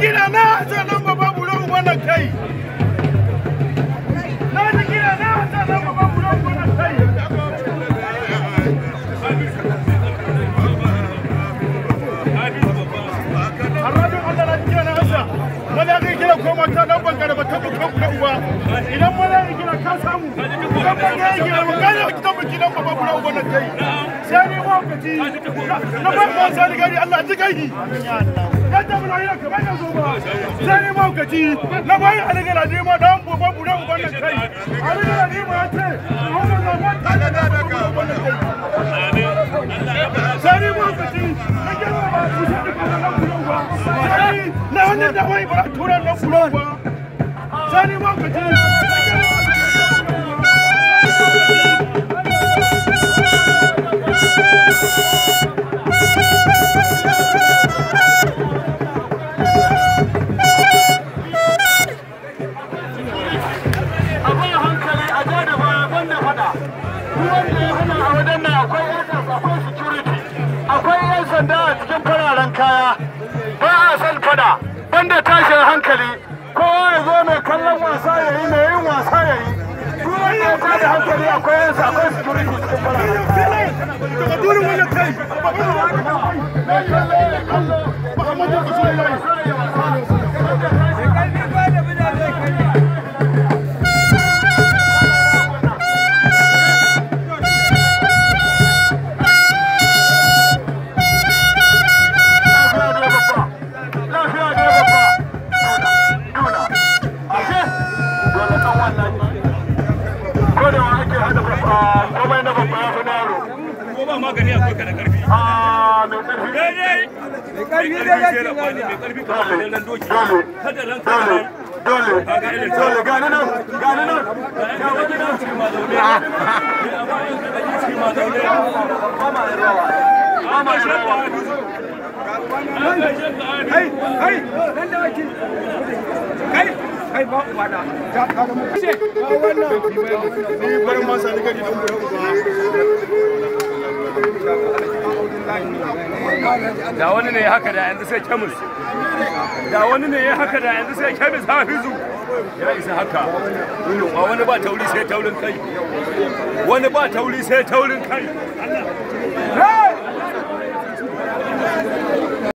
kira na a ce nan gaba buro wannan kai na ji na a ce nan gaba buro wannan kai Mala zai gina koma ta dan bangare ba ta bukan uba idan mala zai gina ka samu idan mala zai gina ba ka yi kitan biki dan uba na kai na farko sani gari Allah ji gari yadda muna yi ka bayan zo ba sani maukaci na bai aligala ne ma dan bobo budan ubannan kai aligala ne ma ce wannan na wanda da da da ka sani maukaci na gero ba su sani kuma na budan ba sani na wannan da wai ba turan na budan ba sani maukaci wanda ya hana a wajen nan akwai akwai security akwai yan sanda a cikin fararen kaya ba'a son faɗa fada banda tashin hankali kowa ya zo mai kallon wasa ya yi mai yin wasa ya yi duk da ya tada hankali akwai yan akwai security cikin fararen kaya magani a kuka da karfi daidai ah, mai karfi da kwani mai karfi kamar da lallan doki kada ran kare dole dole gane nan gane nan ga wani nan cikin mazaune a bayan da ɗan cikin mazaune amma shakwa Hai, hai, nan da wakil. Kai, kai ba uwa da. Ta ka mu. Ce, wannan. Ni bar masa ni gari dan gurin uwa. da wani ne haka da yanzu sai kemis da wani ne haka da yanzu sai kemis hizu ya isa haka ba wani ba tauri sai taurin kai wani ba tauri sai taurin kai